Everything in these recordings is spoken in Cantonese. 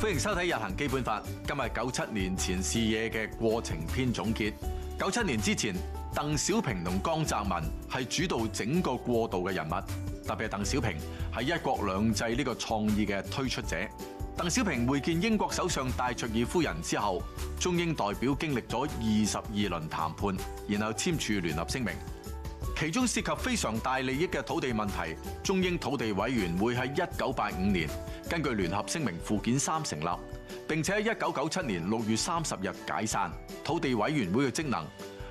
歡迎收睇《日行基本法》。今日九七年前視野嘅過程篇總結。九七年之前，鄧小平同江澤民係主導整個過渡嘅人物，特別係鄧小平係一國兩制呢個創意嘅推出者。鄧小平會見英國首相戴卓爾夫人之後，中英代表經歷咗二十二輪談判，然後簽署聯合聲明。其中涉及非常大利益嘅土地問題，中英土地委員會喺一九八五年根據聯合聲明附件三成立，並且喺一九九七年六月三十日解散。土地委員會嘅職能。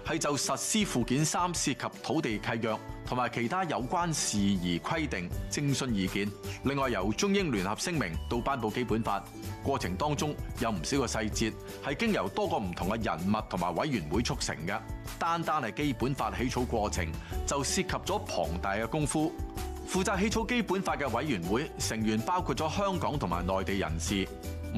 係就實施附件三涉及土地契約同埋其他有關事宜規定徵詢意見。另外由中英聯合聲明到頒布基本法過程當中，有唔少個細節係經由多個唔同嘅人物同埋委員會促成嘅。單單係基本法起草過程就涉及咗龐大嘅功夫。負責起草基本法嘅委員會成員包括咗香港同埋內地人士，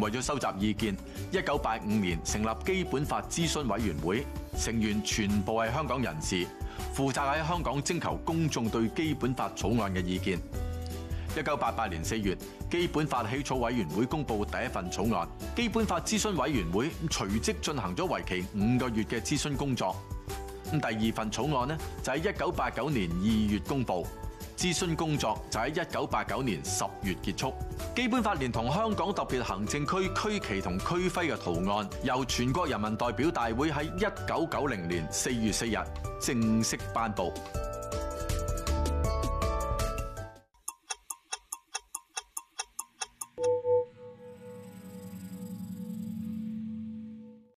為咗收集意見。一九八五年成立基本法諮詢委員會，成員全部係香港人士，負責喺香港徵求公眾對基本法草案嘅意見。一九八八年四月，基本法起草委員會公布第一份草案，基本法諮詢委員會隨即進行咗為期五個月嘅諮詢工作。第二份草案呢，就喺一九八九年二月公布。諮詢工作就喺一九八九年十月結束。基本法連同香港特別行政區區旗同區徽嘅圖案，由全國人民代表大會喺一九九零年四月四日正式頒布。